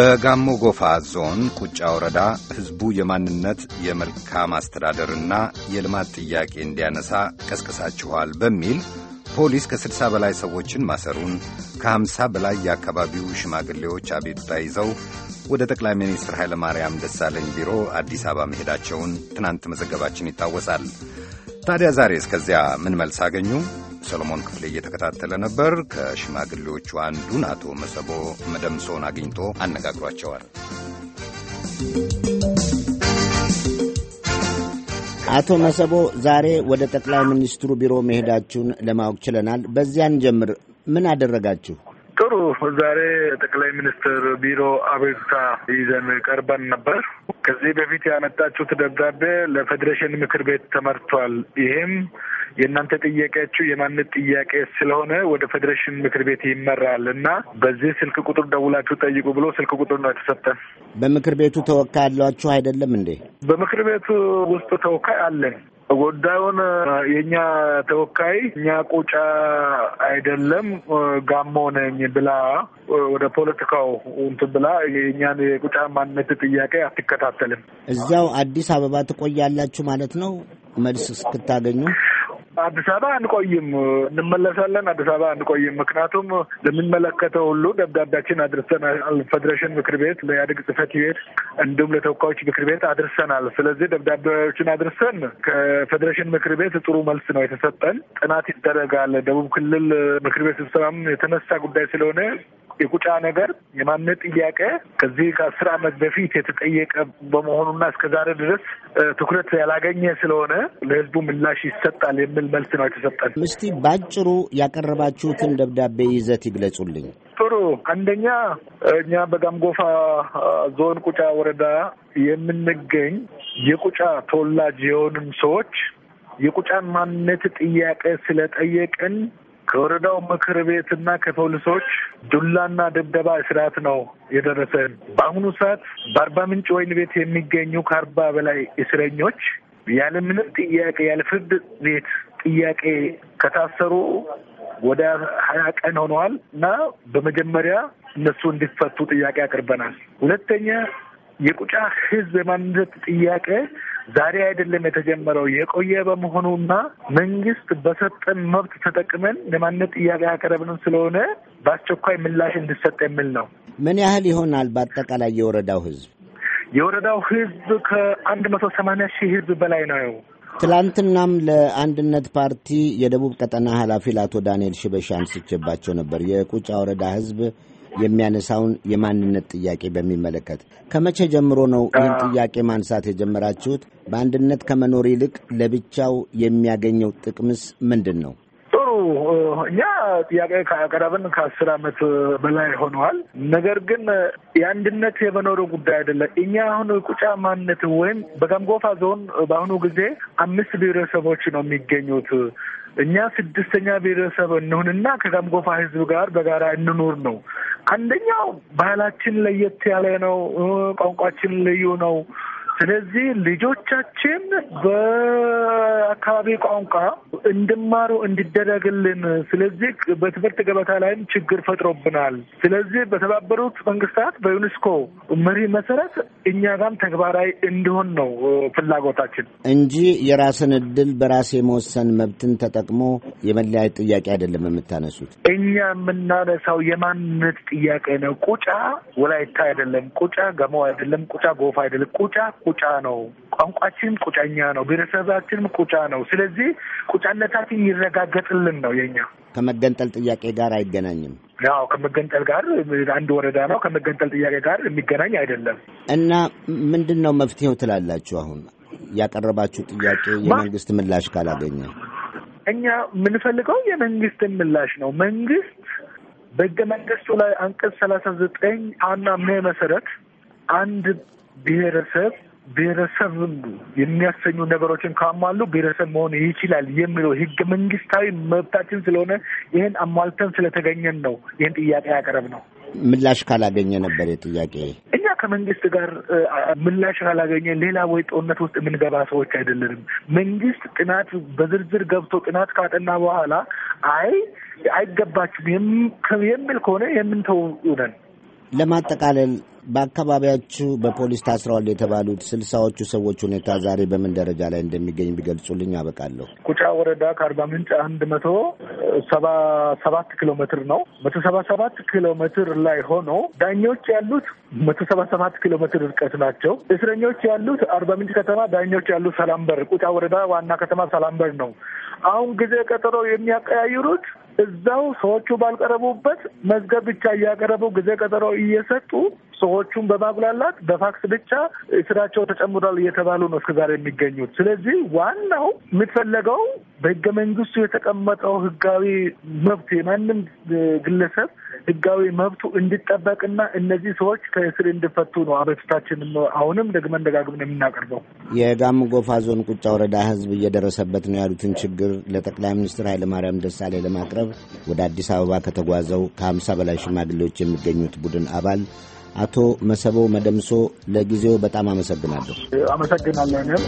በጋሞ ጎፋ ዞን ቁጫ ወረዳ ሕዝቡ የማንነት የመልካም አስተዳደርና የልማት ጥያቄ እንዲያነሳ ቀስቅሳችኋል በሚል ፖሊስ ከ60 በላይ ሰዎችን ማሰሩን ከ50 በላይ የአካባቢው ሽማግሌዎች አቤቱታ ይዘው ወደ ጠቅላይ ሚኒስትር ኃይለማርያም ደሳለኝ ቢሮ አዲስ አበባ መሄዳቸውን ትናንት መዘገባችን ይታወሳል። ታዲያ ዛሬ እስከዚያ ምን መልስ አገኙ? ሰሎሞን ክፍሌ እየተከታተለ ነበር። ከሽማግሌዎቹ አንዱን አቶ መሰቦ መደምሶን አግኝቶ አነጋግሯቸዋል። አቶ መሰቦ ዛሬ ወደ ጠቅላይ ሚኒስትሩ ቢሮ መሄዳችሁን ለማወቅ ችለናል። በዚያን ጀምር ምን አደረጋችሁ? ጥሩ። ዛሬ ጠቅላይ ሚኒስትር ቢሮ አቤቱታ ይዘን ቀርበን ነበር። ከዚህ በፊት ያመጣችሁት ደብዳቤ ለፌዴሬሽን ምክር ቤት ተመርቷል። ይህም የእናንተ ጥያቄያችሁ የማንነት ጥያቄ ስለሆነ ወደ ፌዴሬሽን ምክር ቤት ይመራል እና በዚህ ስልክ ቁጥር ደውላችሁ ጠይቁ ብሎ ስልክ ቁጥር ነው የተሰጠን። በምክር ቤቱ ተወካይ ያሏችሁ አይደለም እንዴ? በምክር ቤቱ ውስጥ ተወካይ አለን። ጉዳዩን የእኛ ተወካይ እኛ ቁጫ አይደለም ጋሞ ነኝ ብላ ወደ ፖለቲካው እንትን ብላ የእኛን የቁጫ ማንነት ጥያቄ አትከታተልም። እዚያው አዲስ አበባ ትቆያላችሁ ማለት ነው መልስ እስክታገኙ አዲስ አበባ አንቆይም፣ እንመለሳለን። አዲስ አበባ አንቆይም። ምክንያቱም ለሚመለከተው ሁሉ ደብዳቤያችን አድርሰናል። ፌዴሬሽን ምክር ቤት፣ ለኢህአዴግ ጽህፈት ቤት እንዲሁም ለተወካዮች ምክር ቤት አድርሰናል። ስለዚህ ደብዳቤዎችን አድርሰን ከፌዴሬሽን ምክር ቤት ጥሩ መልስ ነው የተሰጠን። ጥናት ይደረጋል። ደቡብ ክልል ምክር ቤት ስብሰባም የተነሳ ጉዳይ ስለሆነ የቁጫ ነገር የማንነት ጥያቄ ከዚህ ከአስር አመት በፊት የተጠየቀ በመሆኑና እስከዛሬ ድረስ ትኩረት ያላገኘ ስለሆነ ለህዝቡ ምላሽ ይሰጣል የሚል መልስ ነው የተሰጠን። እስቲ ባጭሩ ያቀረባችሁትን ደብዳቤ ይዘት ይግለጹልኝ። ጥሩ። አንደኛ እኛ በጋምጎፋ ዞን ቁጫ ወረዳ የምንገኝ የቁጫ ተወላጅ የሆንን ሰዎች የቁጫን ማንነት ጥያቄ ስለጠየቅን ከወረዳው ምክር ቤትና ከፖሊሶች ዱላና ድብደባ እስራት ነው የደረሰን። በአሁኑ ሰዓት በአርባ ምንጭ ወይን ቤት የሚገኙ ከአርባ በላይ እስረኞች ምንም ጥያቄ ያለ ፍርድ ቤት ጥያቄ ከታሰሩ ወደ ሀያ ቀን ሆነዋል እና በመጀመሪያ እነሱ እንዲፈቱ ጥያቄ አቅርበናል። ሁለተኛ የቁጫ ህዝብ የማንነት ጥያቄ ዛሬ አይደለም የተጀመረው የቆየ በመሆኑና መንግስት በሰጠን መብት ተጠቅመን ለማንነት ጥያቄ ያቀረብንም ስለሆነ በአስቸኳይ ምላሽ እንዲሰጥ የሚል ነው። ምን ያህል ይሆናል በአጠቃላይ የወረዳው ህዝብ? የወረዳው ህዝብ ከአንድ መቶ ሰማንያ ሺህ ህዝብ በላይ ነው። ትላንትናም ለአንድነት ፓርቲ የደቡብ ቀጠና ኃላፊ ለአቶ ዳንኤል ሽበሻ አንስቼባቸው ነበር። የቁጫ ወረዳ ህዝብ የሚያነሳውን የማንነት ጥያቄ በሚመለከት ከመቼ ጀምሮ ነው ይህን ጥያቄ ማንሳት የጀመራችሁት? በአንድነት ከመኖር ይልቅ ለብቻው የሚያገኘው ጥቅምስ ምንድን ነው? ጥሩ እኛ ጥያቄ ቀረብን ከአስር ዓመት በላይ ሆነዋል። ነገር ግን የአንድነት የመኖሩ ጉዳይ አይደለም። እኛ አሁን ቁጫ ማንነት ወይም በጋምጎፋ ዞን በአሁኑ ጊዜ አምስት ብሔረሰቦች ነው የሚገኙት እኛ ስድስተኛ ብሔረሰብ እንሁንና ከጋምጎፋ ህዝብ ጋር በጋራ እንኑር ነው። አንደኛው ባህላችን ለየት ያለ ነው፣ ቋንቋችን ልዩ ነው። ስለዚህ ልጆቻችን በ የአካባቢ ቋንቋ እንድማሩ እንዲደረግልን፣ ስለዚህ በትምህርት ገበታ ላይም ችግር ፈጥሮብናል። ስለዚህ በተባበሩት መንግስታት በዩኔስኮ መሪ መሰረት እኛ ጋም ተግባራዊ እንዲሆን ነው ፍላጎታችን እንጂ የራስን እድል በራስ የመወሰን መብትን ተጠቅሞ የመለያየት ጥያቄ አይደለም የምታነሱት። እኛ የምናነሳው የማንነት ጥያቄ ነው። ቁጫ ወላይታ አይደለም፣ ቁጫ ገሞ አይደለም፣ ቁጫ ጎፋ አይደለም። ቁጫ ቁጫ ነው። ቋንቋችንም ቁጫኛ ነው። ብሔረሰባችንም ቁጫ ነው። ነው። ስለዚህ ቁጫነታችን ይረጋገጥልን ነው የኛ ከመገንጠል ጥያቄ ጋር አይገናኝም። ያው ከመገንጠል ጋር አንድ ወረዳ ነው፣ ከመገንጠል ጥያቄ ጋር የሚገናኝ አይደለም። እና ምንድን ነው መፍትሄው ትላላችሁ? አሁን ያቀረባችሁ ጥያቄ የመንግስት ምላሽ ካላገኘ እኛ የምንፈልገው የመንግስትን ምላሽ ነው። መንግስት በህገ መንግስቱ ላይ አንቀጽ ሰላሳ ዘጠኝ አና ሜ መሰረት አንድ ብሔረሰብ ብሔረሰብ የሚያሰኙ ነገሮችን ካሟሉ ብሔረሰብ መሆን ይችላል የሚለው ህገ መንግስታዊ መብታችን ስለሆነ ይህን አሟልተን ስለተገኘን ነው ይህን ጥያቄ ያቀረብ ነው። ምላሽ ካላገኘ ነበር የጥያቄ እኛ ከመንግስት ጋር ምላሽ ካላገኘ ሌላ ወይ ጦርነት ውስጥ የምንገባ ሰዎች አይደለንም። መንግስት ጥናት በዝርዝር ገብቶ ጥናት ካጠና በኋላ አይ አይገባችሁም የሚል ከሆነ የምንተው ነን። ለማጠቃለል በአካባቢያችሁ በፖሊስ ታስረዋል የተባሉት ስልሳዎቹ ሰዎች ሁኔታ ዛሬ በምን ደረጃ ላይ እንደሚገኝ ቢገልጹልኝ አበቃለሁ። ቁጫ ወረዳ ከአርባ ምንጭ አንድ መቶ ሰባ ሰባት ኪሎ ሜትር ነው። መቶ ሰባ ሰባት ኪሎ ሜትር ላይ ሆኖ ዳኞች ያሉት መቶ ሰባ ሰባት ኪሎ ሜትር ርቀት ናቸው። እስረኞች ያሉት አርባ ምንጭ ከተማ፣ ዳኞች ያሉት ሰላምበር ቁጫ ወረዳ ዋና ከተማ ሰላምበር ነው። አሁን ጊዜ ቀጠሮ የሚያቀያይሩት እዛው ሰዎቹ ባልቀረቡበት መዝገብ ብቻ እያቀረቡ ጊዜ ቀጠሮ እየሰጡ ሰዎቹን በማጉላላት በፋክስ ብቻ ስራቸው ተጨምሯል እየተባሉ ነው እስከዛሬ የሚገኙት። ስለዚህ ዋናው የምትፈለገው። በህገ መንግስቱ የተቀመጠው ህጋዊ መብት የማንም ግለሰብ ህጋዊ መብቱ እንዲጠበቅና እነዚህ ሰዎች ከእስር እንዲፈቱ ነው አቤቱታችን። አሁንም ደግመን ደጋግመን የምናቀርበው የጋሞ ጎፋ ዞን ቁጫ ወረዳ ህዝብ እየደረሰበት ነው ያሉትን ችግር ለጠቅላይ ሚኒስትር ኃይለማርያም ደሳሌ ለማቅረብ ወደ አዲስ አበባ ከተጓዘው ከሀምሳ በላይ ሽማግሌዎች የሚገኙት ቡድን አባል አቶ መሰቦ መደምሶ ለጊዜው በጣም አመሰግናለሁ። አመሰግናለሁ።